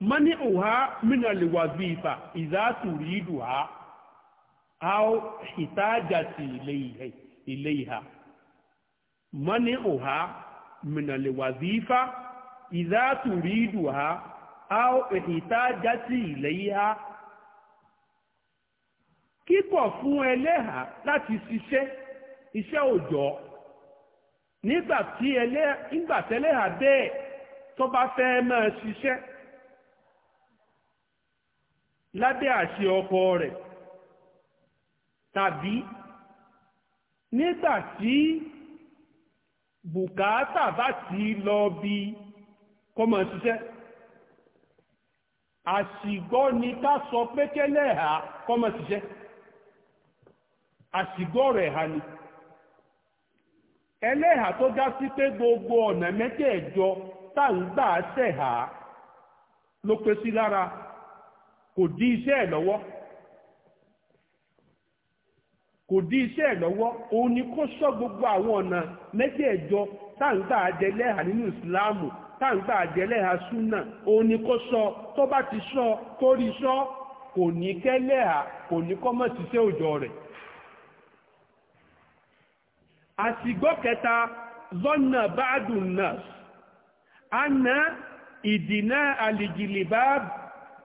mani uha mina liwazifa idha turiduha au hitajati ilayha ilayha mani uha mina liwazifa idha turiduha au hitajati ilayha kíkọ̀ fún ẹlẹ́hà láti ṣiṣẹ́ iṣẹ́ òòjọ́ nígbà tí ẹlẹ́hà nígbà tẹ́lẹ́hà bẹ́ẹ̀ tó bá fẹ́ máa ṣiṣẹ́ lábẹ́ àṣẹ ọkọ rẹ̀ tàbí nígbà tí bùkátà bá ti lọ bí kọmọ̀ ṣiṣẹ́ àṣìgbọ́ ni ká sọ pé kẹ́lẹ̀ ha kọmọ̀ ṣiṣẹ́ àṣìgbọ́ rẹ̀ ha ni ẹlẹ́hà tó dá sí pé gbogbo ọ̀nà mẹ́tẹ̀ẹ̀jọ tá ń gbà ṣẹ̀hà ló pé sí lára kò dí iṣẹ́ ẹ̀ lọ́wọ́ kò dí iṣẹ́ ẹ̀ lọ́wọ́ òun ni kó sọ gbogbo àwọn ọ̀nà mẹ́jẹ̀ẹ̀jọ táǹgbà àjẹlẹ́hà nínú ìsìláàmù táǹgbà àjẹlẹ́hà súnà òun ni kó sọ tó bá ti sọ tó rí sọ kò ní kẹ́lẹ́hà kò ní kọ́mọ̀ ṣiṣẹ́ òjọ rẹ̀ àsìgbọ́ kẹta zọ́nà báàdùn náà àná ìdìnnà àlìjìlì báàbù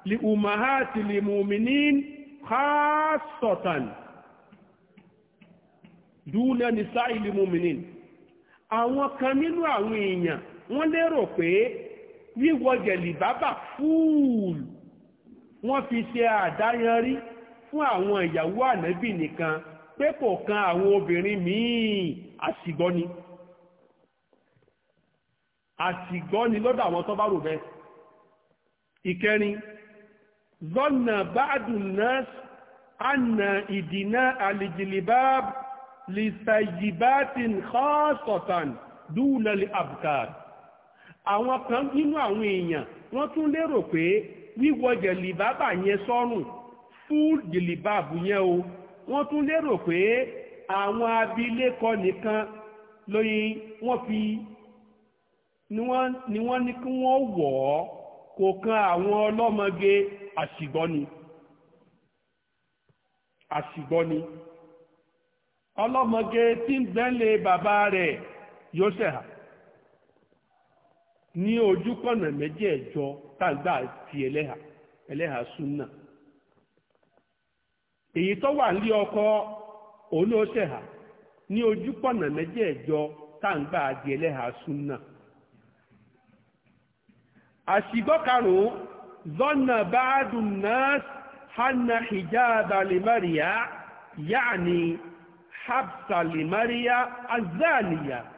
لأمهات المؤمنين خاصة دون khasatan المؤمنين أو ìlú muminin àwọn kan nínú àwọn èèyàn wọ́n lérò pé wíwọ jẹ̀lìbábà fúùlù wọ́n fi ṣe àdáyanrí fún àwọn ìyàwó ànábì nìkan pé kò kan àwọn obìnrin míì àṣìgbọ́ni àṣìgbọ́ni lọ́dọ̀ àwọn tó bá rò bẹ́ẹ̀ ìkẹrin ظن بعض الناس أن إدناء الجلباب لثيبات خاصة دون الأبكار àwọn kan nínú àwọn èèyàn wọ́n tún lérò pé wíwọ jẹ̀lìbábà yẹn sọ́rùn fún jẹ̀lìbáàbù yẹn o wọ́n tún lérò pé àwọn abilékọ nìkan lóyin wọ́n fi ni wọ́n ní kí wọ́n wọ̀ ọ́ kò kan àwọn ọlọ́mọge àṣìgbọ́ ni ọlọ́mọge tí ń gbẹ́lẹ̀ bàbá rẹ̀ yóò ṣẹ̀hà ní ojúkọ̀nà méjèèjọ tàgbà ti ẹlẹ́hà ẹlẹ́hà súnà èyí tó wà ní ọkọ òun ló ṣẹ̀hà ní ojúkọ̀nà méjèèjọ di súnà ظن بعض الناس أن حجاب لمريا يعني حبس لمريا الزانية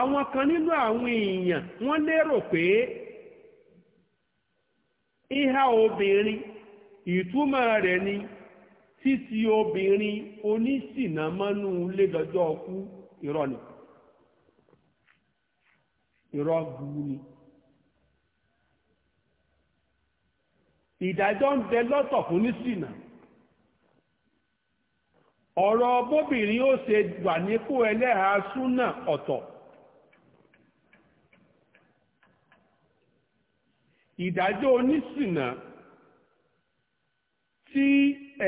àwọn kan nínú àwọn èèyàn wọ́n lérò pé ìhà obìnrin ìtumọ̀ rẹ̀ ni títí obìnrin onísìnàmọ́nú lẹ́dọ̀jọ́ ọkú ni ni. ìdájọ́ ń bẹ lọ́tọ̀ fún nísìnà ọ̀rọ̀ bóbìnrin ó ṣe wà nípò ẹlẹ́ha súnà ọ̀tọ̀ ìdájọ́ onísìnà tí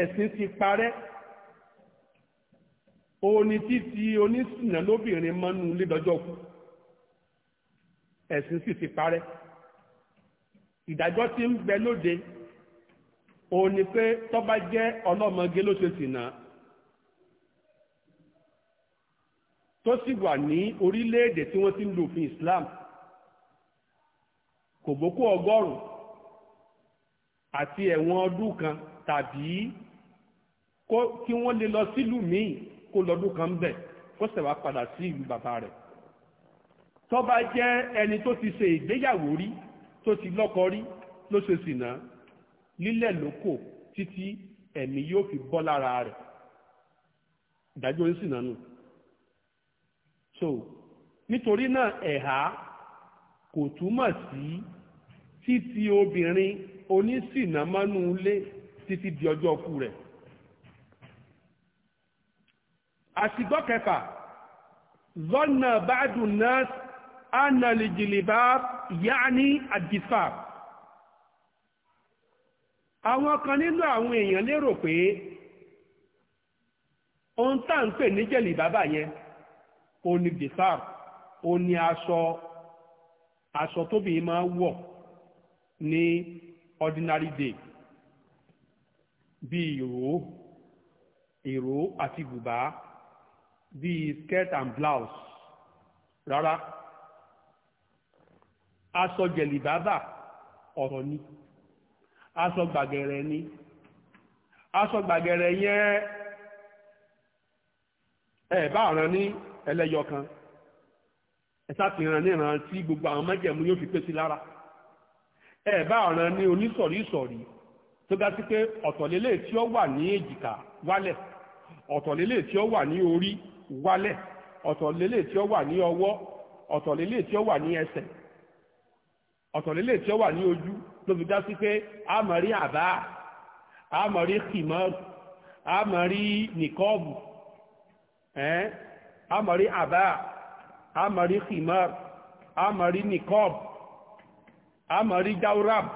ẹ̀sìn ti parẹ́ òní títí onísìnà lóbìnrin mọ́nú lédọ́jọ́ kù ẹ̀sìn sì ti parẹ́ ìdájọ́ tí ń bẹ lóde òun ni pé tó bá jẹ́ ọlọ́mọge ló ṣe sìnà tó sì wà ní orílẹ̀-èdè tí wọ́n ti ń lo òfin Islam kò bókú ọgọ́rùn-ún àti ẹ̀wọ̀n ọdún kan tàbí kí wọ́n lè lọ sílùú míì kó lọ́dún kan bẹ̀ kó ṣẹ̀wá padà sí ìlú bàbá rẹ̀ tó bá jẹ́ ẹni tó ti ṣe ìgbéyàwó rí tó ti lọ́kọ rí ló ṣe lílẹ̀ lóko títí ẹ̀mí yóò fi bọ́ lára rẹ̀ ìdájọ́ yìí sì so nítorí náà ẹ̀há kò túmọ̀ sí títí obìnrin onísìnàmọ́nú ilé títí di ọjọ́ ọkú rẹ̀ àṣìgbọ́ kẹfà zọ́nà báàdùn náà ánàlìjìlìbá yáà ní àdìfà àwọn kan nínú àwọn èèyàn lérò pé ohun tá ń pè ní bàbá yẹn ó ní bisar ó ní aṣọ aṣọ tóbi máa wọ̀ ní ordinary day bíi ìró ìró àti bùbá bíi skirt and blouse rárá aṣọ jẹ̀lì bàbá ọ̀rọ̀ ni. aṣọ gbàgẹ̀rẹ̀ ni aṣọ gbàgẹ̀rẹ̀ yẹn ẹ bá ọ̀ràn ní ẹlẹ́yọ kan ẹ tí gbogbo àwọn mẹ́jẹ̀mú yóò fi pé lára ẹ bá ní onísọ̀rísọ̀rí tó ga sí pé ọ̀tọ̀lélẹ̀ tí ó wà ní èjìká ọ̀tọ̀lélẹ̀ tí ó wà ní ojú ló fi dá sí pé a máa rí àbá a máa rí kìmọ́rù a máa rí nìkọ́ọ̀bù a máa rí àbá a máa rí kìmọ́rù a máa rí nìkọ́ọ̀bù a máa rí jáwúràbù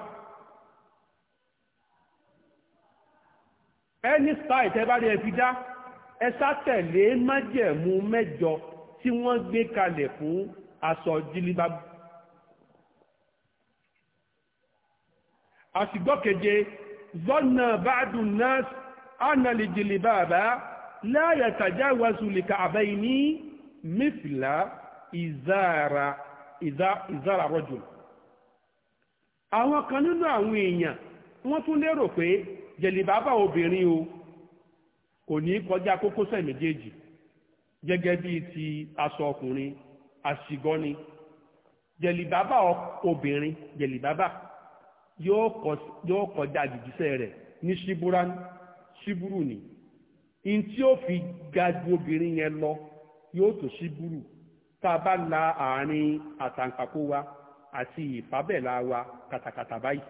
ẹni sáì tẹ́ bá rí ẹ fi dá ẹ sá tẹ̀lé májẹ̀mú mẹ́jọ tí wọ́n gbé kalẹ̀ fún aṣọ jílíbábù àsìgbọ́keje zọ́nà báàdùn náà ánàlìjìlì bàbá láyà tàjáwàsù lìkà àbáyé ní mẹ́fìlá ìzára ìzára rọ́jù àwọn kan nínú àwọn èèyàn wọ́n tún lérò pé jẹ̀lìbàbà obìnrin o kò ní kọjá kókósẹ̀ méjèèjì gẹ́gẹ́ bí ti aṣọ ọkùnrin àṣìgọ́ni jẹ̀lìbàbà obìnrin jẹ̀lìbàbà yóò kọjá jìjísẹ́ rẹ̀ ní ṣíbúrán ṣíbúrú ni in tí ó fi ga ju obìnrin yẹn lọ yóò tó ṣíbúrú tá a bá la àárín àtàǹpàkò wa àti ìfábẹ́là wa kàtàkàtà báyìí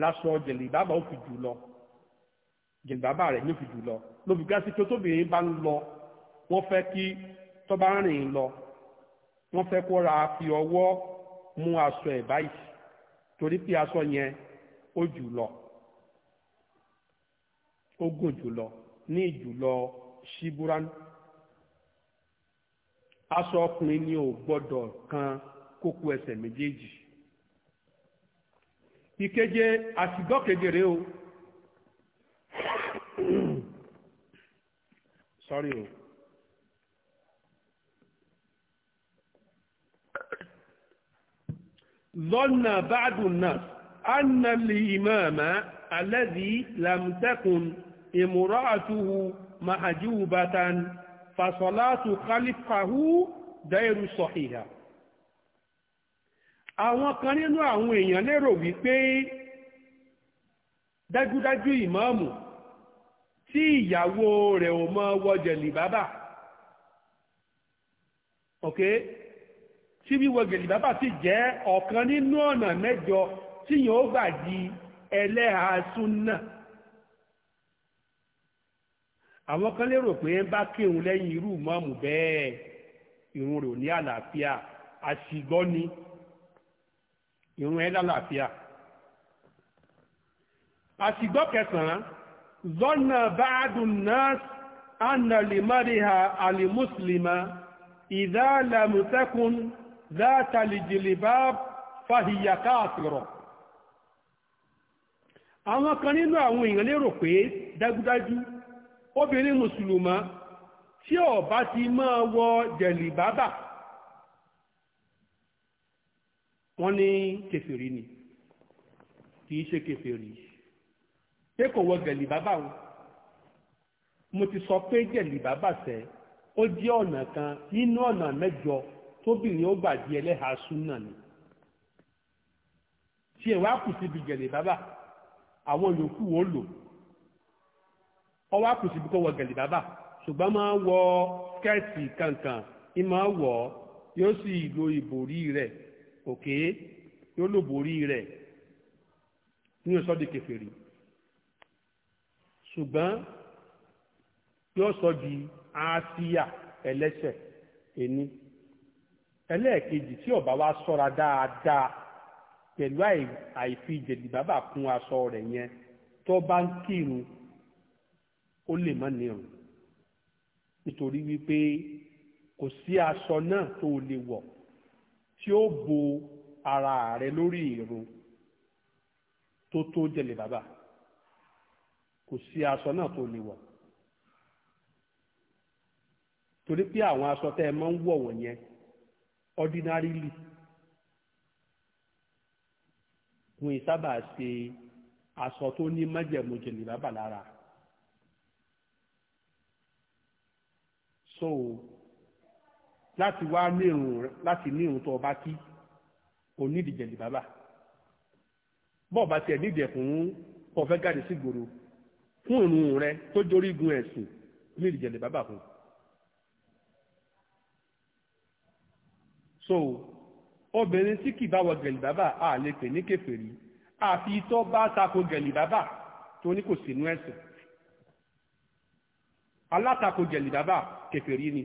lásọ jẹ̀lìbábà ó fi jù lọ jẹ̀lìbábà rẹ̀ ló fi jù lọ ló fi gásí tóbìnrin bá ń lọ wọ́n fẹ́ kí tọ́ba lọ wọ́n fẹ́ kó ra fi ọwọ́ mú aṣọ ẹ̀ báyìí torí pé aṣọ yẹn ó jù ó gùn jùlọ ní ìjùlọ lọ ṣíbúrán aṣọ ọkùnrin ni ò gbọdọ kan kókó ẹsẹ̀ méjèèjì ìkeje àtìgbọ́ kedere o sorry o. ظن بعض الناس أن الإمام الذي لم تكن امرأته محجوبة فصلاة خلفه دير صحيحة àwọn kan nínú àwọn èèyàn lérò wípé dájúdájú ìmáàmù tí ìyàwó rẹ̀ ò mọ wọ bábà okay tí wíwọ gèlè bàbà sì jẹ́ ọ̀kan nínú ọ̀nà mẹ́jọ tí yàn ó gbà di ẹlẹ́ha súnà àwọn kan lérò pé ń bá kírun lẹ́yìn irú mọ́ọ̀mù bẹ́ẹ̀ irun rẹ̀ ò ní àlàáfíà àṣìgbọ́ ni irun ẹ̀ lálàáfíà àṣìgbọ́ kẹsàn-án zọ́nà báàdùn náà anna limariha alimuslima ìdá lamutakun ذات الجلباب فهي كافرة àwọn kan nínú àwọn èèyàn lérò pé dájúdájú obìnrin mùsùlùmá tí ó bá ti máa wọ jẹ̀lìbábà wọ́n ní kèfèrí ni kìí ṣe kèfèrí pé kò wọ jẹ̀lìbábà wọn mo ti sọ pé jẹ̀lìbábà sẹ́ ó jẹ́ ọ̀nà kan nínú ọ̀nà mẹ́jọ tóbìnrin ó gbàdí ẹlẹ́ha súnà ni tí ẹ̀ wá kù síbi gẹ̀lẹ̀ bàbà àwọn yòókù ó lò ọ wá kù síbi kọ́ wọ gẹ̀lẹ̀ bàbà ṣùgbọ́n máa wọ kẹ́ẹ̀tì kankan ní máa wọ̀ ọ́ yóò sì lo ìbòrí rẹ̀ òkè yóò lò bòrí rẹ̀ ní ọ̀sọ́ di kèfèrí ṣùgbọ́n yóò sọ di àásíyà ẹlẹ́sẹ̀ ẹni. E ẹlẹ́ẹ̀kejì tí ọba wa sọ́ra dáadáa pẹ̀lú àìfi jẹ̀dìbàbà kún aṣọ rẹ̀ yẹn tó bá ń kírun ó lè má nírun nítorí wípé kò sí aṣọ náà tó lè wọ̀ tí ó bo ara rẹ̀ lórí ìrun tó tó jẹ̀dìbàbà kò sí aṣọ náà tó lè wọ̀ torí pé àwọn aṣọ tẹ́ ẹ máa ń wọ̀ wọ̀nyẹn ordinarily wọn sábà ṣe aṣọ tó ní májẹ̀mú jẹ̀lìbábà lára so láti wá ní irun láti ní irun tó o bá kí o nídìí jẹ̀lìbábà bọ́ọ̀ bá tiẹ̀ nídìí ẹ̀kún kọ́ fẹ́ jáde sí gbòòrò fún irun rẹ tó dorí gun ẹ̀sìn nídìí jẹ̀lìbábà fún un. so obìnrin tí kì bá wọ gẹ̀lì bàbà a lè pè ní kèfèrí àfi tó bá tako gẹ̀lì bàbà tó ní kò sínú ẹ̀sìn alátakò gẹ̀lì bàbà kèfèrí ni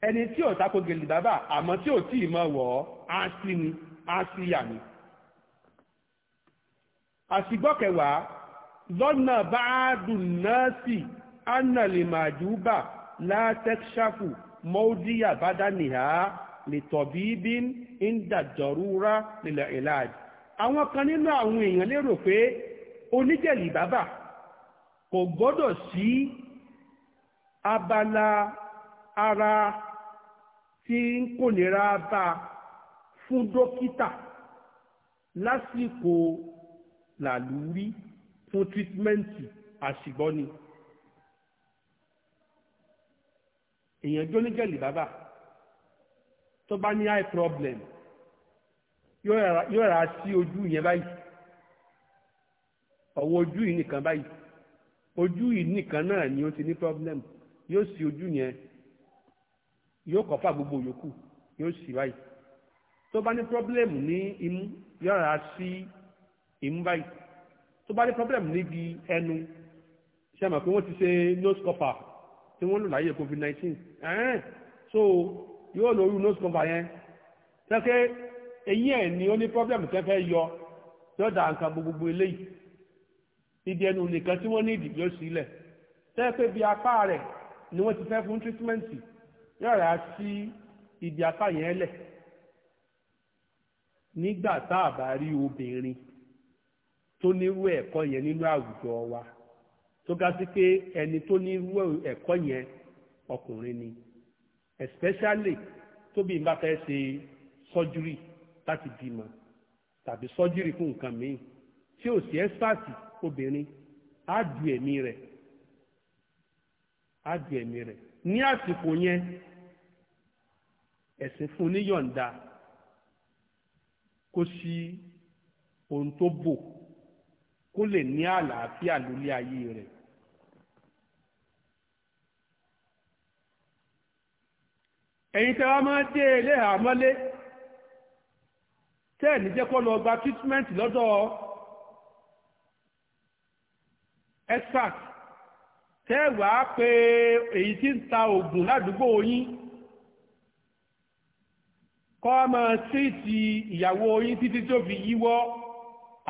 ẹni tí ò tako gẹ̀lì bàbà àmọ́ tí ò tí ì mọ̀ wọ̀ ọ́ á sí ni á sí yà ni àṣìgbọ́kẹwàá lọ́nà bá dùn náà sí annalimajuba látẹ́kṣàfù mọ́ọ́díyà bádánìhà lè tọ̀bí bí ń dàjọ̀rúra nílẹ̀ ìlàjì. àwọn kan nínú àwọn èèyàn lérò pé oníjẹ̀lì bàbà kò gbọ́dọ̀ sí abala ara tí ń kònira bá fún dókítà lásìkò làlúrí fún tírítímẹ́ǹtì àṣìgbọ́ni. èèyàn jó ní jẹ̀lì bàbà tó bá ní eye problem yóò rà sí ojú yẹn báyìí ọ̀wọ́ ojú yìí nìkan báyìí ojú yìí nìkan náà ni ó ti ní problem yóò sí ojú yẹn yóò kọ́fà gbogbo yòókù yóò sì báyìí tó bá ní problem ní imú yóò rà sí imú báyìí tó bá ní problem níbi ẹnu ṣe àmọ̀ pé wọ́n ti ṣe nose cover tí wọ́n lò láyé covid 19 ẹ̀ẹ́n so yóò lo irú nose cover yẹn tẹ́kẹ́ eyín ẹ̀ ni ó ní problem tẹ́fẹ́ yọ yóò da nǹkan gbogbo eléyìí ìdí ẹnu nìkan tí wọ́n ní ìdí yóò sílẹ̀ tẹ́fẹ́ bí apá rẹ̀ ni wọ́n ti fẹ́ fún treatment yóò rà sí ìdí apá yẹn lẹ̀ nígbà tá a bá rí obìnrin tó nírú ẹ̀kọ́ yẹn nínú àwùjọ wa tó ga sí pé ẹni tó ní irú ẹ̀kọ́ yẹn ọkùnrin ni especially tóbi bá fẹ́ ṣe sọ́júrì láti bímọ tàbí sọ́júrì fún nǹkan míì tí ò sí ẹ́sípàtì obìnrin á du ẹ̀mí rẹ̀ á du ẹ̀mí rẹ̀ ní àsìkò yẹn ẹ̀sìn fún níyọ̀ǹda kó sí ohun tó bò kó lè ní àlàáfíà lórí ayé rẹ̀ ẹ̀yin tẹ́ wá máa dé ilé àmọ́lé tẹ́ ní jẹ́ lọ gba treatment lọ́dọ̀ expert tẹ́ ẹ̀ pé èyí tí ń ta oògùn ládùúgbò yín kọ́ máa tírìtì ìyàwó yín títí tó fi yíwọ́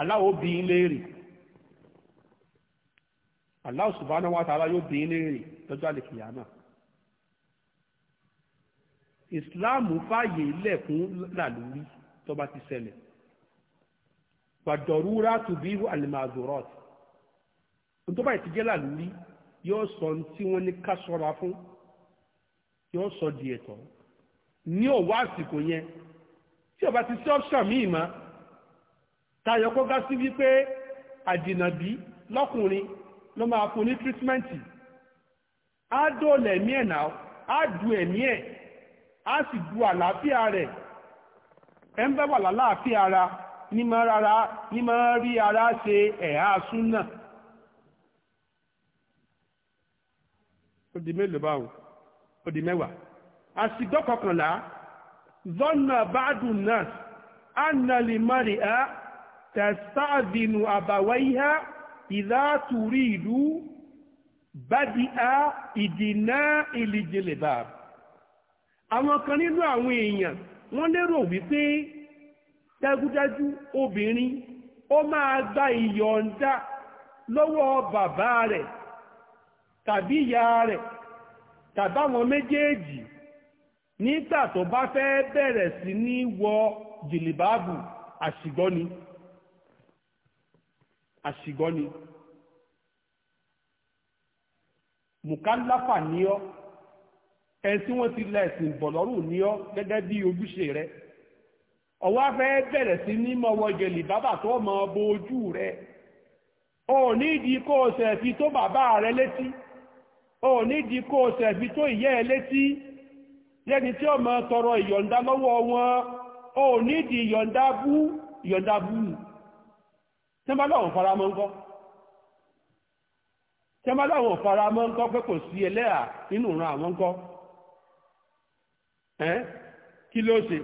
aláwo bí ń léèrè Allah subhanahu wa ta'ala yóò bí ń léèrè lọ́jọ́ ìsìláàmù fààyè lẹ̀ fún làlúrí tó bá ti ṣẹlẹ̀ wàdọ̀rúra tùbí àlìmàdùrọ̀t tó bá ti jẹ́ làlúrí yóò sọ tí wọ́n ní ká ṣọ́ra fún yóò sọ di ẹ̀tọ́ ní ọ̀wọ́ àsìkò yẹn tí ọba ti sí ọ́pṣà míì mọ́ tayọ kó sí wípé àdìnàbí lọ́kùnrin ló máa fún ní tírítímẹ́ǹtì á dóòlà ẹ̀mí ẹ̀ náà á du ẹ̀mí ẹ̀ á sì bu àlàáfíà rẹ̀ ẹ ń bá wà lálàáfíà ara ní máa rí ara ṣe ẹ̀há súnà ó di mélòó báwọn ó di mẹ́wàá àsìgbọ́ kọkànlá zọ́nà bádùn náà annali mari'a tẹ̀sáàdìnù àbàwáyá ìdátúrí ìlú bádìá ìdìnà ìlìjìlẹ̀ báàbù àwọn kan nínú àwọn èèyàn wọ́n lérò wípé dájúdájú obìnrin ó máa gba ìyọ̀ǹda lọ́wọ́ bàbá rẹ̀ tàbí ìyá rẹ̀ tàbáwọn méjèèjì nígbà tó bá fẹ́ bẹ̀rẹ̀ sí ní wọ jìlìbáàbù àṣìgọ́ni àṣìgọ́ni mùkálàfà ní ọ́ ẹni tí wọ́n ti la ẹ̀sìn bọ̀ ní ọ gẹ́gẹ́ bí ojúṣe rẹ ọwọ́ afẹ́ bẹ̀rẹ̀ sí ní mọ̀wọ́ jẹ̀lì bàbà tó mọ bo ojú rẹ ò ní ìdí kó o ṣe fi tó bàbá rẹ létí ò ní ìdí o ṣe fi tó ìyá ẹ létí lẹ́ni tí tọrọ ìyọ̀ǹda lọ́wọ́ wọn ò ní ìdí ìyọ̀ǹda bú ìyọ̀ǹda bú tẹ́mbálọ́wọ̀n faramọ́ ńkọ́ faramọ́ ńkọ́ pé kò sí ẹ́ kí ló ṣe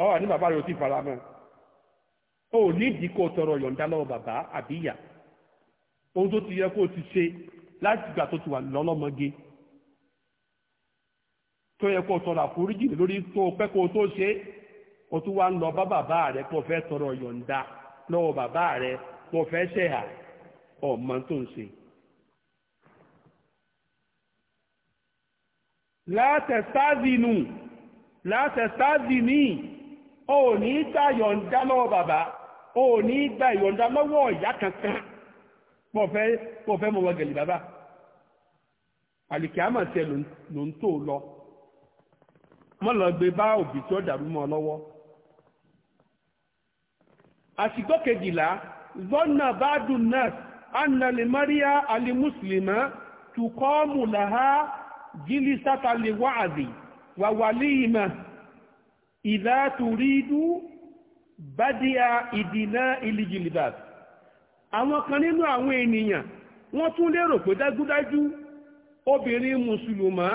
ọ wà ní bàbá rẹ̀ ò ti fara mọ́ ọ ò nídìí kó tọrọ yọ̀ǹda lọ́wọ́ bàbá àbí ìyá ohun tó ti yẹ kó o ti ṣe láti ìgbà tó ti wà lọ́lọ́mọge tó yẹ kó o tọrọ àforíjì lórí tó o pẹ́ kó o tó ṣe o tún wá ń lọ bá bàbá rẹ̀ kó o fẹ́ tọrọ yọ̀ǹda lọ́wọ́ bàbá kó o fẹ́ ṣẹ̀hà ọmọ tó ń ṣe. látẹ̀stáàzìnù látẹ̀stáàzìní o ní gba yọ̀ǹda lọ́wọ́ bàbá o ní gba yọ̀ǹda lọ́wọ́ ìyá kankan pọ̀fẹ́ mọ̀wọ́ gẹ̀lì bàbá àlìkíámà tẹ ló ń tó lọ mọ́ lọ gbé bá òbí tí ó dàrú mọ́ lọ́wọ́ àsìkò kejìlá zọ́nà bá dùn náà annalimaria alimuslima tukọ́ ha jílísátà lè wáàdì wàwàlíìmà ìdátùrídú bádíà ìdínà ìlìjìlìbàb àwọn kan nínú àwọn ènìyàn wọ́n tún lérò pé dájúdájú obìnrin mùsùlùmá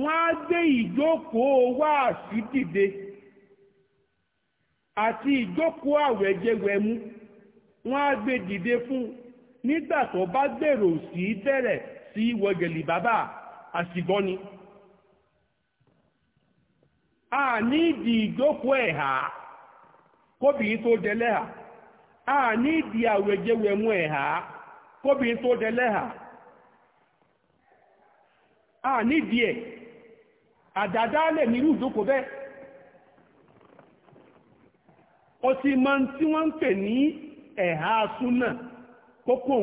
wọ́n á gbé ìjókòó wáàsí dìde àti ìjókòó àwẹ̀jẹwẹ̀mú wọ́n á gbé dìde fún nígbà bá gbèrò sí bẹ̀rẹ̀ sí a ní ìdí ìjókòó ẹ̀hà kóbìnrin tó a ní ìdí ẹ̀hà kóbìnrin tó a ní ìdí ẹ̀ àdàdálẹ̀ nírú ìjókòó bẹ́ẹ̀ ọtí máa ń tí wọ́n ń pè ní ẹ̀hà súnà kókó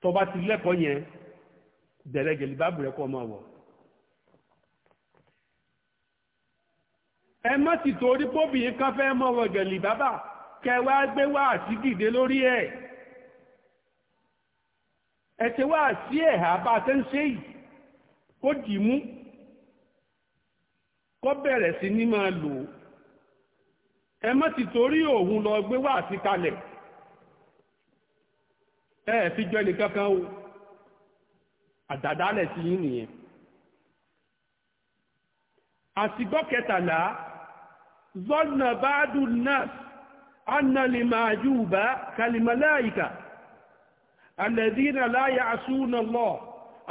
tó bá ti lẹ́kọ̀ọ́ yẹn bẹ̀rẹ̀ gẹ̀lì báàbù rẹ̀ kọ́ ọmọ wọ̀. ẹ má ti torí póbìnrin kan fẹ́ mọ̀ wọ gẹ̀lì bábà kẹwàá gbé wá àti dìde lórí ẹ̀ ẹ ti wá sí ẹ̀hà bá a ṣe ń ṣe yìí kó dì í mú kó bẹ̀rẹ̀ sí ní máa lò ó ẹ má ti torí òun lọ gbé wá àti kalẹ̀ ẹ fi jọ ẹnì kankan o àdàdálẹ̀ ti yín nìyẹn àsìgbọ́ kẹtàlá zọ́nà báàdù nas annali màjúbà kalimalaika alẹ́dínà láyà àsúnà lọ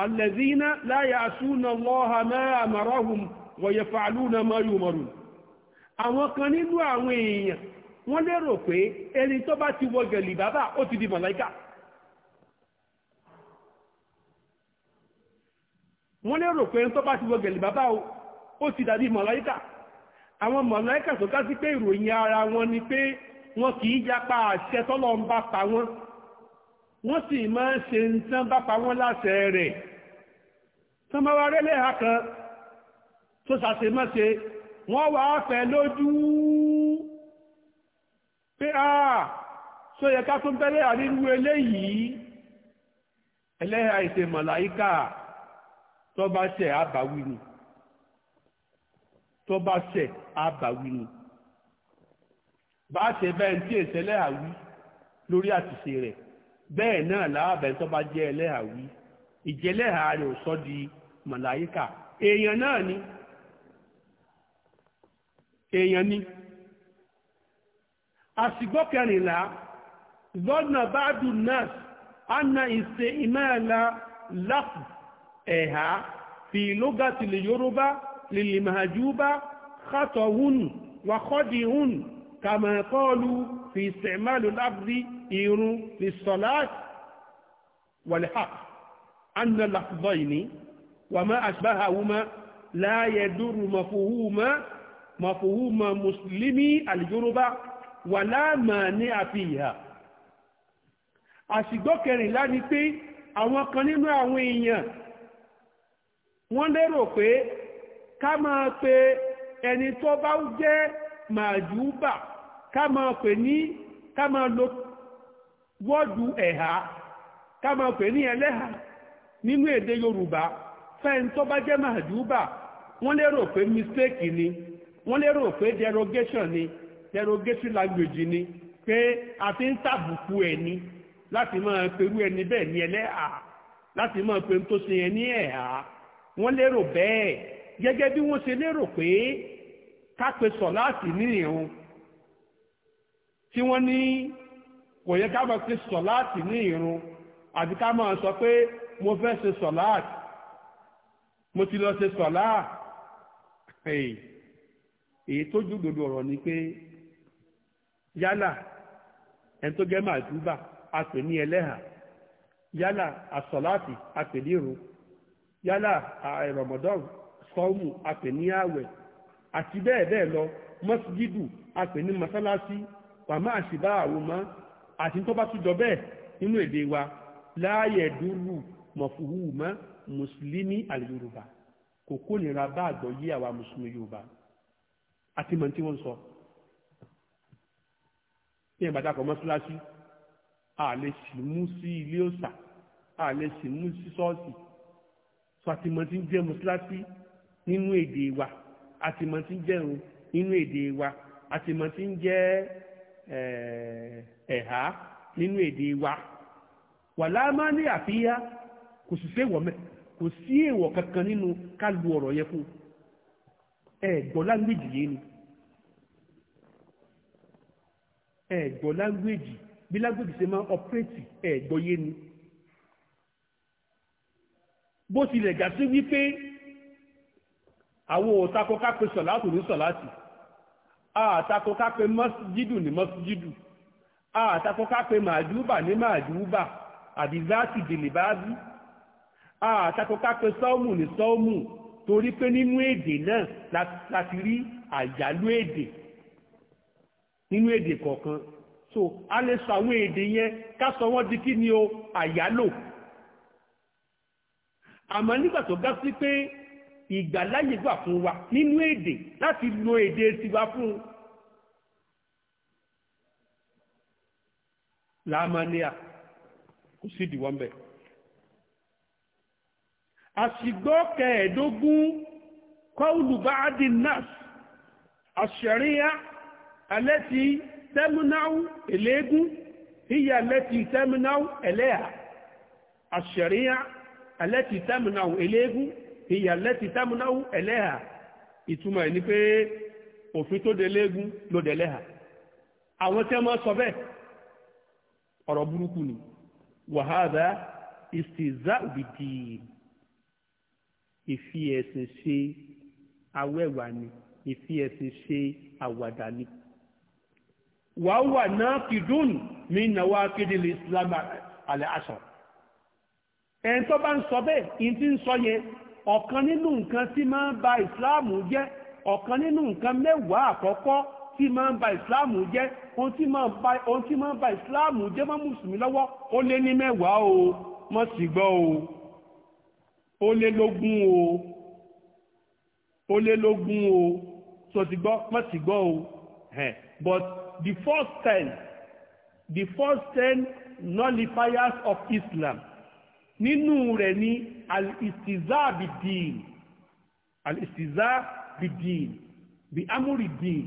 alẹ́dínà láyà àsúnà lọ ha mẹ́ra àmàràhùn wọ̀yẹ̀fàlúnà mọ́yùmọ̀rùn àwọn kan nínú àwọn èèyàn wọ́n lérò pé ẹni tó bá ti wọ gẹ̀lì bàbá ó ti di màláìkà wọ́n lérò pé tó bá ti wọ gẹ̀lì bàbá o ó ti dàbí mọ̀láíkà àwọn mọ̀láíkà tó ká sí pé ìròyìn ara wọn ni pé wọn kì í yapa àṣẹ tọ́lọ́ ń bá pa wọ́n wọ́n sì máa ń ṣe ń tán bá pa wọ́n láṣẹ rẹ̀ tán bá wa rẹ́lẹ̀ ha kan tó ṣàṣe má ṣe wọ́n wà á fẹ́ lójú pé àà só yẹ ká tún bẹ́lẹ̀ àrírú eléyìí ẹlẹ́yà ìṣe tó bá ṣẹ̀ àbáwí ni tó bá ṣẹ̀ àbáwí ni bá ṣe bẹ́ẹ̀ tí èsẹ̀ lẹ́hàwí lórí àtìṣe rẹ̀ bẹ́ẹ̀ náà láàbẹ̀ tó bá jẹ́ ẹlẹ́hàwí ìjẹ́lẹ́hà rẹ̀ ò sọ di màláyíkà èèyàn náà ni èèyàn ni àsìgbọ́ kẹrìnlá lọ́nà bá dùn náà anna ìṣe ìmáàlá lápù ẹ̀há fi lógàtì lè yorùbá lèlè màjúbá kátọ̀ wùn wàkọ́dì wùn kàmẹ́kọ́ọ̀lù fi ìsẹ̀málù lábdí irun lè sọ̀láàt wàlẹ́hàk anna lafzọ́ ìní wàmá àṣbáhàwùmá láyé dúró mọ̀fòhùmá mọ̀fòhùmá mùsùlùmí àlìjórúbá wà láàmà ní àfihàn àṣìgbọ́ kẹrìnlá ni pé àwọn kan nínú àwọn èèyàn wọ́n lérò pé ká máa pe ẹni tó bá jẹ́ màjúbà ká máa pè ní ká máa lo wọ́ọ̀dù ẹ̀há ká máa pè ní ẹlẹ́hà nínú èdè Yorùbá fẹ́ni tó bá jẹ́ màjúbà wọ́n lérò pé mistake ni wọ́n lérò pé derogation ni derogation language ni pé a fi ń tàbùkù ẹni láti máa perú ẹni bẹ́ẹ̀ ní ẹlẹ́hà láti máa pe tó ṣe ẹni ẹ̀há. wọ́n lérò bẹ́ẹ̀ gẹ́gẹ́ bí wọ́n ṣe lérò pé kápe sọ̀láàtì ní ìrun tí wọ́n ní kò yẹ ká máa pe sọ̀láàtì ní ìrun àti ká máa sọ pé mo fẹ́ ṣe sọ̀láàtì mo ti lọ ṣe sọ̀láàtì èyí tó jùgbòdò ọ̀rọ̀ ni pé yálà ẹni tó gẹ́ màdúbà a pè ní ẹlẹ́hà yálà àsọ̀láàtì a pè ní ìrun yálà Ramadan sọ́ọ̀mù àpè ní ààwẹ̀ àti bẹ́ẹ̀ bẹ́ẹ̀ lọ mọ́síjídù àpè ní masalasi wàmá àṣìbá àwòmọ́ àti tó bá tún jọ bẹ́ẹ̀ nínú èdè wa láàyè dúró mọ̀fúhù mọ́ mùsùlùmí àlùyòrùbá kò kónira bá àgbọ̀yé àwa mùsùlùmí yorùbá àti mọ̀ tí wọ́n sọ ní ìbàdàkọ̀ mọ́sálásí a sì mú sí ilé òòsà a sì mú sí ṣọ́ọ̀ṣì àtìmọ̀tí ń jẹ́ mọ́sálásí nínú èdè wa àtìmọ̀tí ń jẹ́ irun nínú èdè wa àtìmọ̀tí ń jẹ́ ẹ̀há nínú èdè wa wàlá máa ní àfihàn kò sì sí èèwọ̀ mẹ́ kò sí èèwọ̀ kankan nínú ká lu ọ̀rọ̀ yẹn fún ẹ̀gbọ́n láńgbèjì yé ni ẹ̀gbọ́n láńgbèjì bí láńgbèjì ṣe máa ọpẹ́rẹ́tì ẹ̀gbọ́n yé ni bó tilẹ̀ gà sí wípé àwọn òtakọ kápe sọ̀látù ní sọ̀látì àtakọ kápe mọ́síjídù ní mọ́síjídù àtakọ kápe màdúbà ní màdúbà àbí záàtì dìlìbáàbí àtakọ kápe sọ́ọ̀mù ní sọ́ọ̀mù torí pé nínú èdè náà láti rí àjálù èdè nínú èdè kọ̀ọ̀kan so a lè sọ àwọn èdè yẹn ká sọ wọ́n di kí ni o àyálò àmọ́ nígbà tó gá sí pé ìgbàláyè wà fún wa nínú èdè láti lo èdè tiwa fún un làmánìyà kò sí ìdíwọ́ mbẹ́. àṣìgbọ́ kẹẹ̀ẹ́dógún kọ́ọ̀lù bá adi nas àṣẹríyá alẹ́tì tẹ́mínáwó ẹlẹ́gún híyà alẹ́tì tẹ́mínáwó ẹlẹ́yà àṣẹríyá alẹ́tì támùnáwù eléégún ìyà alẹ́tì támùnáwù ẹlẹ́hà ìtumọ̀ ẹ̀ ni pé òfin tó de eléégún ló de ẹlẹ́hà àwọn tí wọ́n sọ bẹ́ẹ̀ ọ̀rọ̀ burúkú ni wàhálà ìsìnzá òbìdì ìfi ẹ̀sìn ṣe awẹ́wà ni ìfi ẹ̀sìn ṣe àwàdà ni wàá náà kìdún mí náà wá lè islam ẹni tó bá ń sọ bẹ́ẹ̀ in ti ń sọ yẹn ọ̀kan nínú nǹkan tí máa ń ba ìsìláàmù jẹ́ ọ̀kan nínú nǹkan mẹ́wàá àkọ́kọ́ tí máa ń ba ìsìláàmù jẹ́ ohun tí máa ń ba ìsìláàmù jẹ́ mọ́ mùsùlùmí lọ́wọ́ ó lé ní mẹ́wàá o mọ́ sì gbọ́ o ó lé lógún o ó lé lógún o sọ ti gbọ́ mọ́ sì gbọ́ o but the first ten the first ten nullifiers of Islam nínú rẹ̀ ni al-istiza bidin al-istiza bidin bi amúri din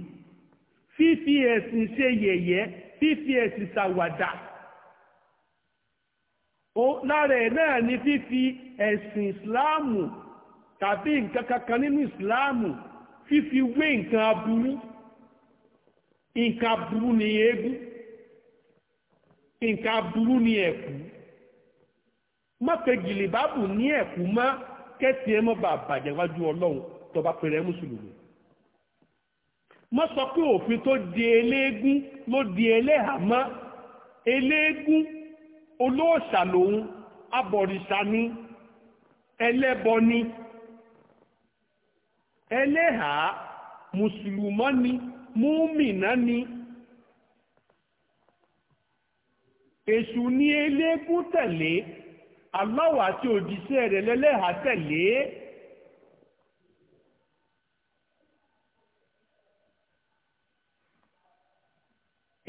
fífi ẹ̀sìn ṣe yẹ̀yẹ́ fífi ẹ̀sìn ṣàwàdà ó lára ẹ̀ náà ni fífi ẹ̀sìn ìsìláàmù tàbí nǹkan kankan nínú ìsìláàmù fífi wé nǹkan aburú nǹkan aburú ni eégún nǹkan aburú ni ẹ̀kú mọ́pẹ́ gìlìbábù ní ẹ̀kú mọ́ kẹ́tì ẹ mọ́ bá bàjẹ́ wájú ọlọ́run tó bá pèrè mùsùlùmí mọ́ sọ pé òfin tó di eléégún ló di ẹlẹ́hàmọ́ eléégún olóòṣà lòun abọ̀rìṣà ni ẹlẹ́bọ ni ẹlẹ́hà mùsùlùmọ́ ni múmìnà ni èṣù ni eléégún tẹ̀lé aláwọ̀ àti òjíṣẹ́ rẹ̀ lẹ́lẹ́hà tẹ̀lé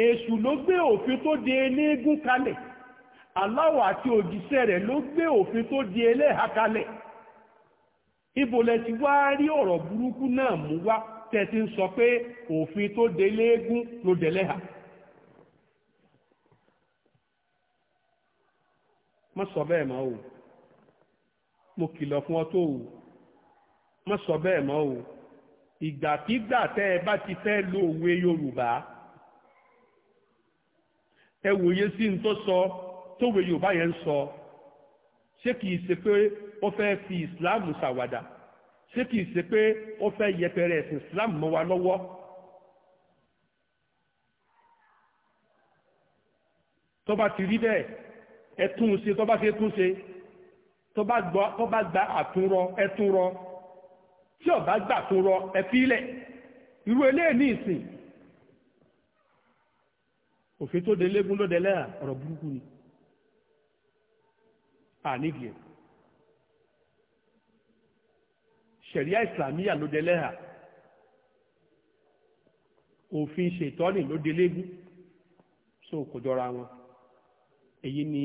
èṣù ló gbé òfin tó de eléégún kalẹ̀ aláwọ̀ àti òjíṣẹ́ rẹ̀ ló gbé òfin tó de ẹlẹ́hà kalẹ̀ ibo lẹ wá rí ọ̀rọ̀ burúkú náà mú wá tẹ́ ń sọ pé òfin tó de eléégún ló dẹ̀lẹ́hà má sọ bẹ́ẹ̀ mọ́ o mo kìlọ̀ fún ọ tó o má sọ bẹ́ẹ̀ mọ́ o ìgbàkigbà tẹ́ ẹ bá ti fẹ́ lo òwe Yorùbá ẹ wòye sí n tó sọ tówe Yorùbá yẹn ń sọ ṣé kìí ṣe pé ó fẹ́ fi Islam ṣàwàdà ṣé kìí ṣe pé ó fẹ́ yẹpẹrẹ ẹ̀sìn Islam mọ́ wa lọ́wọ́. tó bá ti rí bẹ́ẹ̀ ẹtúnṣe tó bá ṣe túnṣe tó bá gba àtúnrọ ẹtúnrọ tí ò bá gbà túnrọ ẹfílẹ̀ irú eléyìí ní ìsìn òfin tó de légún ló délẹ́ à ọ̀rọ̀ burúkú ni àníbi ẹ̀ ṣẹ̀ríà ìsìlámíyà ló délẹ́ à òfin ṣètọ́nì ló de légún so kò jọra wọn èyí ni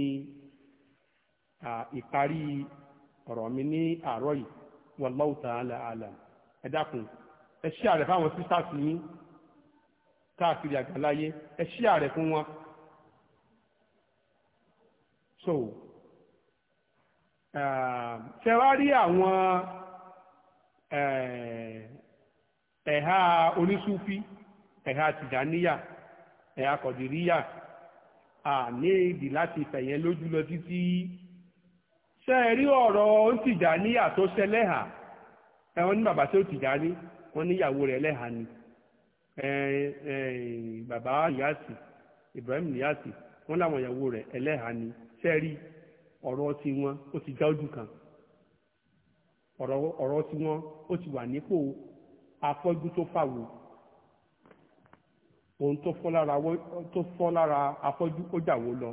ìparí ọ̀rọ̀ mi ní àárọ̀ yìí wallahu ta'ala alam ẹ dákun ẹ ṣí ààrẹ fáwọn sisters yín káàkiri àgbáláyé ẹ ṣí ààrẹ fún wọn. so ṣe wá rí àwọn ẹ̀ha onísúfí ẹ̀ha tìjàníyà ẹ̀ha kọ̀dìríyà àní èdè láti fẹ̀yẹn lójú lọ títí ṣe rí ọ̀rọ̀ ó ti jà ní àtọ́ṣẹ́ lẹ́hà ẹ̀wọ̀n ní bàbá tí ó ti jà ní wọ́n níyàwó rẹ̀ lẹ́hà ni bàbá yasi Ibrahim yasi wọ́n láwọn ìyàwó rẹ̀ ẹlẹ́hà ni ṣe rí ọ̀rọ̀ tí wọ́n ó ti já ojú kan ọ̀rọ̀ tí wọ́n ó ti wà nípò afọ́jú tó fàwọ̀ ohun tó fọ́ lára afọ́jú ó jà wó lọ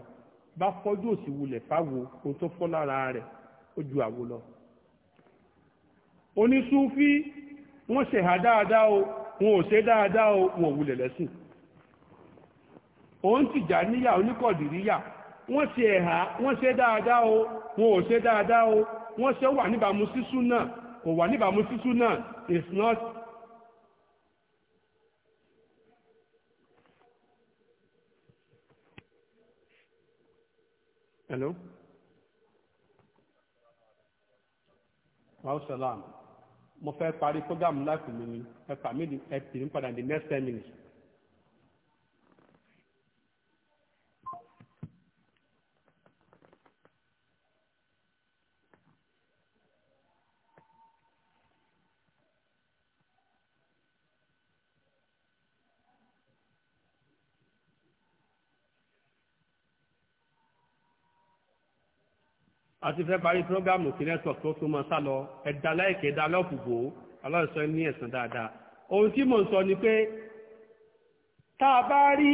bá fọ́jú òsì wulẹ̀ fáwo ohun tó fọ́ lára rẹ̀ ó ju àwo lọ. onísúfí wọ́n ṣe hà dáadáa o wọn ò ṣe dáadáa o wọn ò wulẹ̀ lẹ́sìn. òun tìjà níyà oníkọ̀dìríyà wọ́n ṣe ẹ̀hà wọ́n ṣe dáadáa o wọn ò ṣe dáadáa o wọ́n ṣe wà níbàámu sí súnà kò wà níbàámu sí súnà it's not hello wàhùn sàlám mo fẹ́ parí program láti mi ni ẹ pàmì ẹ pè mí padà in next ten minutes. a ti fẹ́ parí prógámù kí network tó tún mọ sálọ ẹ̀dá láìkè ẹ̀dá lọ́pùpù aláìsọ ní ẹ̀sán dáadáa ohun tí mò ń sọ ni pé tá a bá rí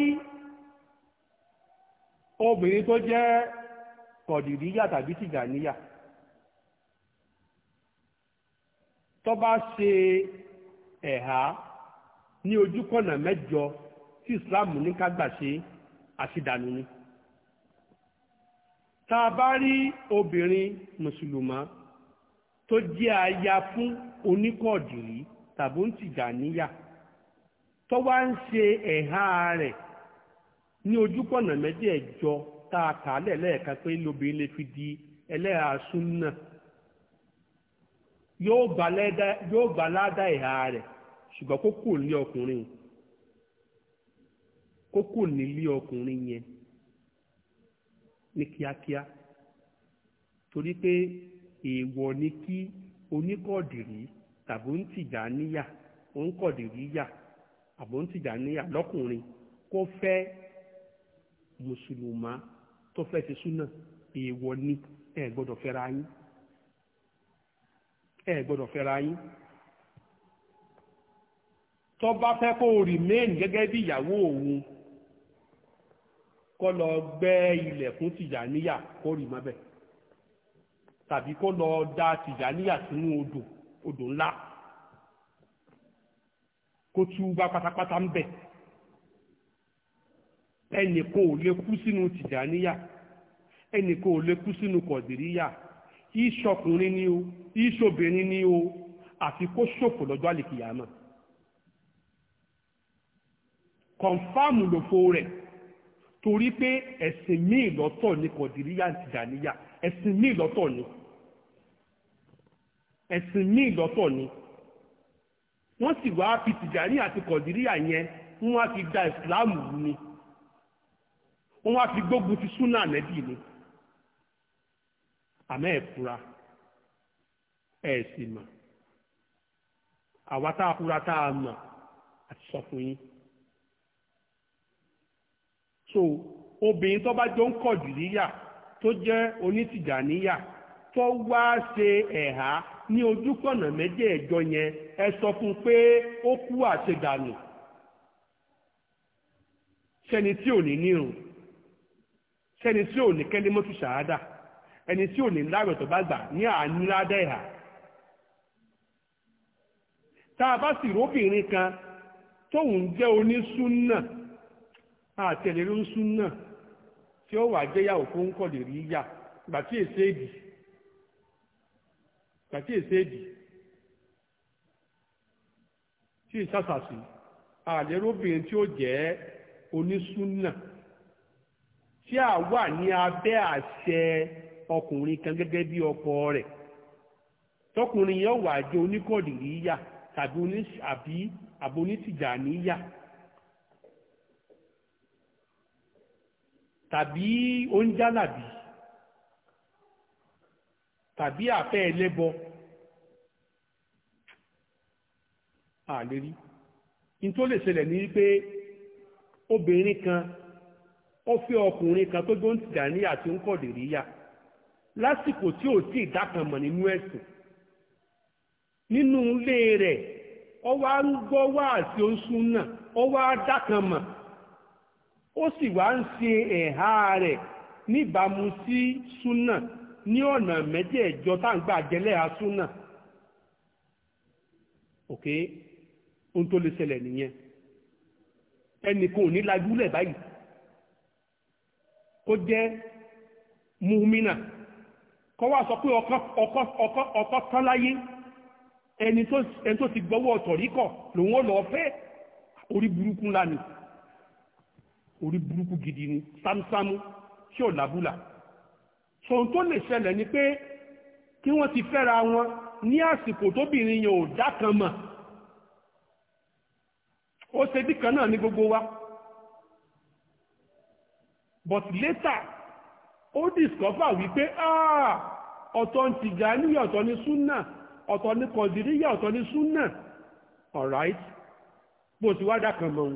obìnrin tó jẹ́ kọ̀dìríyà tàbí tìjàníyà tó bá ṣe ẹ̀há ní ojúkọ̀nà mẹ́jọ tí Islam ní ká gbà ṣe àṣìdànù ni. ta a bá rí obìnrin mùsùlùmá tó jẹ́ aya fún oníkọ̀dìrí tàbí ń tìjà níyà tó wá ń ṣe ẹ̀há rẹ̀ ní ojúkọ̀nà mẹ́jẹ̀ẹ̀jọ tá a kà á lẹ̀ lẹ́ẹ̀ka pé fi di ẹlẹ́ha súnà yóò gbà ládà ẹ̀há rẹ̀ ṣùgbọ́n kókò ní ọkùnrin kókò nílé ní kíákíá torí pé èèwọ̀ ni kí oníkọ̀dìrí tàbí ń tìjà níyà yà àbò ń tìjà lọ́kùnrin kó fẹ́ mùsùlùmá tó fẹ́ ti súnà èèwọ̀ ni ẹ gbọ́dọ̀ fẹ́ra yín ẹ gbọ́dọ̀ fẹ́ra yín bá fẹ́ kó rìmẹ́ẹ̀nì gẹ́gẹ́ bí ìyàwó kó lọ gbẹ́ ilẹ̀ fún tìjàníyà kó rì mọ́bẹ̀ tàbí kó lọ da tìjàníyà sínú odò odò ńlá kó túbá pátápátá ń bẹ̀ ẹnì kan ò lè kú sínú tìjàníyà ẹnì kan ò lè kú sínú kọ̀dìríyà ìṣọkùnrin ni o ìṣobìnrin ni o àfi kó ṣòfò lọ́jọ́ àlèkìyàmọ̀ kọ̀ǹfàmù lòfo rẹ̀ torí pé ẹ̀sìn míì lọ́tọ̀ ni kọ̀dìríyà àti dàníyà ẹ̀sìn míì lọ́tọ̀ ni ẹ̀sìn míì lọ́tọ̀ ni wọ́n sì wá fi tìjàní àti kọ̀dìríyà yẹn wọ́n wá fi da ìsìláàmù wù ni wọ́n wá fi gbógun ti súnà nẹ́bì ni àmẹ́ ẹ̀ fura ẹ̀ àwa tá a fura tá a mọ̀ àti sọ fún yín. so obìnrin tó bá jọ ń kọ̀jù níyà tó jẹ́ onítìjàníyà tó wá ṣe ẹ̀há ní ojúkọ̀nà méjèèjọ yẹn ẹ sọ fún un pé ó kú àṣedànù sẹ́ni tí ò ní nírun sẹ́ni tí ò ní kẹ́lẹ́mọ́tò ẹni tí ò ní láàrọ̀ tó bá gbà ní àánú tá a bá sì róbìnrin kan tóun àtẹ̀lérú ń sún náà tí ó wà jẹ́yàwó fún ń kọ̀lè rí yà gbà èsè èdì gbà tí èsè èdì tí tí ó jẹ́ onísúnà tí a wà ní abẹ́ àṣẹ ọkùnrin kan gẹ́gẹ́ bí ọkọ rẹ̀ tọkùnrin yẹn wà jẹ́ oníkọ̀lì rí tàbí àbí níyà. tàbí oúnjálàbí tàbí àfẹ́ ẹlẹ́bọ àlérí ní tó lè ṣẹlẹ̀ ní pé obìnrin kan ó fẹ́ ọkùnrin kan tó gbóhùn ti dàní àti ń ríyà lásìkò tí ò sí ìdákanmọ̀ nínú ẹ̀sìn nínú ilé rẹ̀ ó wá àti gbọ́ oṣù náà ó wá dákanmọ̀ ó sì wá ń ṣe ẹ̀há rẹ̀ níbàámu sí súnà ní ọ̀nà mẹ́jẹ̀ẹ̀jọ táǹgbà jẹ́lẹ́ha súnà ok ohun tó lè ṣẹlẹ̀ nìyẹn ẹnìkan ò ní lajúlẹ̀ báyìí kó jẹ́ muhmina kọ́ wá sọ pé ọkọ̀ tán láyé ẹni tó ti gbọ́wọ́ tọ̀ríkọ̀ lòun ó lọ fẹ́ orí burúkú lánìí orí burúkú gidi ni sámúsámú tí ò lábúlà ṣòun tó lè ṣẹlẹ̀ ni pé kí wọ́n ti fẹ́ra wọn ní àsìkò tóbìnrin yẹn ò dá mọ̀ ó ṣe bí kan náà ní gbogbo wa but later ó discover wípé ah, ọ̀tọ̀ ń tìjà ní ọ̀tọ̀ ní súnà ọ̀tọ̀ ní kọ̀dìríyà ọ̀tọ̀ ní súnà alright bó ti wá dá mọ̀ wọn.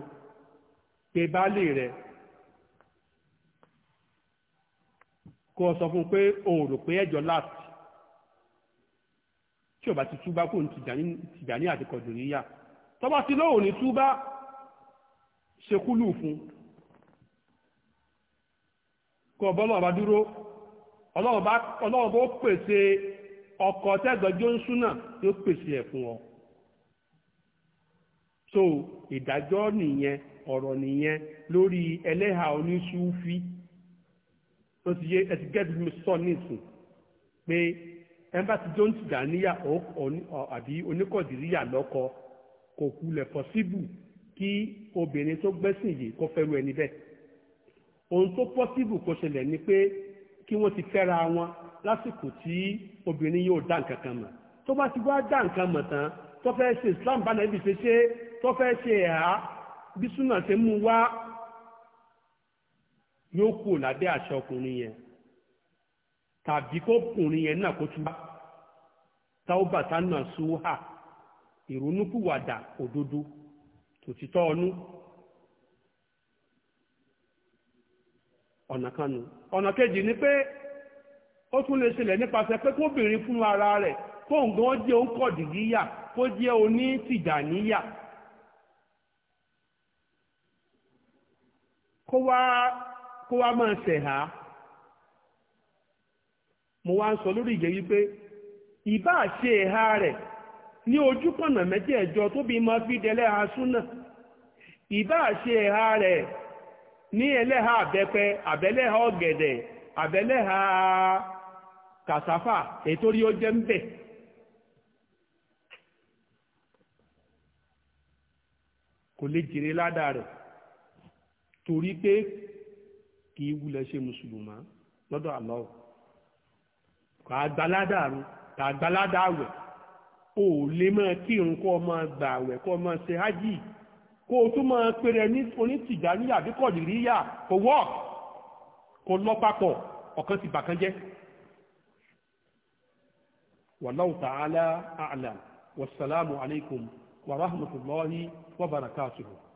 pe baálé rẹ̀ kó o sọ fún un pé o rò pé ẹjọ́ láti tí o bá ti túbá kó tìjà ní àdìkọ̀dù níyà tó ti lóòrùn ní túbá kúlù fún kó ọba dúró ọlọ́run bó pèsè ọkọ̀ tẹ́gbẹ̀jọ́ ń súnà tó pèsè ẹ̀ fún ọ so ìdájọ́ nìyẹn ọ̀rọ̀ nìyẹn lórí ẹlẹ́hà oníṣúfí ó ti yé ẹ ti gẹ́gẹ́ bí mo sọ nísìn pé ẹmbàtí tó ń tìjà níyà àbí oníkọ̀dìríyà lọ́kọ kò kulẹ̀ pọ̀síbù kí obìnrin tó gbẹ́sìn yìí kó fẹ́rù ẹni bẹ́ẹ̀ ohun tó pọ́síbù kó ṣẹlẹ̀ ni pé kí wọ́n ti fẹ́ra wọn lásìkò tí obìnrin yóò dá nǹkan kan mọ̀ tó bá ti wá dá nǹkan mọ̀ tán tó fẹ́ ṣe Islam bá nàbì ṣe ṣe tó fẹ́ ṣe ẹ̀há bí súnà ṣe mú wá yóò kú lábẹ́ àṣẹ ọkùnrin yẹn tàbí kó kùnrin yẹn náà kó tún bá táwọ́bàtà náà sóhà ìrònúkúwàdà òdodo tòtítọ́ ọnú ọ̀nà kanu ọ̀nà kejì ni pé ó tún lè ṣẹlẹ̀ nípasẹ̀ pé kóbìnrin fún ara rẹ̀ kóǹgán jẹ́ òǹkọ̀dìgíyà kó jẹ́ onítìjàníyà kó wá kó wá máa ṣẹ̀há mo wá ń sọ lórí ìjẹ́ wípé ìbá ṣe ẹ̀há rẹ̀ ní ojúkọ̀nà mẹ́jẹ̀ẹ̀jọ tóbi máa fi dẹlẹ́ha súnà ìbá ṣe ẹ̀há rẹ̀ ní ẹlẹ́ha àbẹ́pẹ àbẹ́lẹ́ha ọ̀gẹ̀dẹ̀ àbẹ́lẹ́ha kàsáfà ètò orí ó jẹ́ torí pé kì í wulẹ̀ ṣe mùsùlùmá lọ́dọ̀ Allah kà á gbaládà àrùn kà á gbaládà àwẹ̀ o lè máa kírun kó o máa gbà àwẹ̀ kó o máa ṣe hajj kó o tún máa pèrè ní onítìjáníyà bí kọ̀dìríyà kò wọ́ kò lọ papọ̀ ọ̀kan ti bàkan jẹ́. wallahu ta'ala a'lam wassalamu alaikum wa rahmatullahi wa barakatuhu.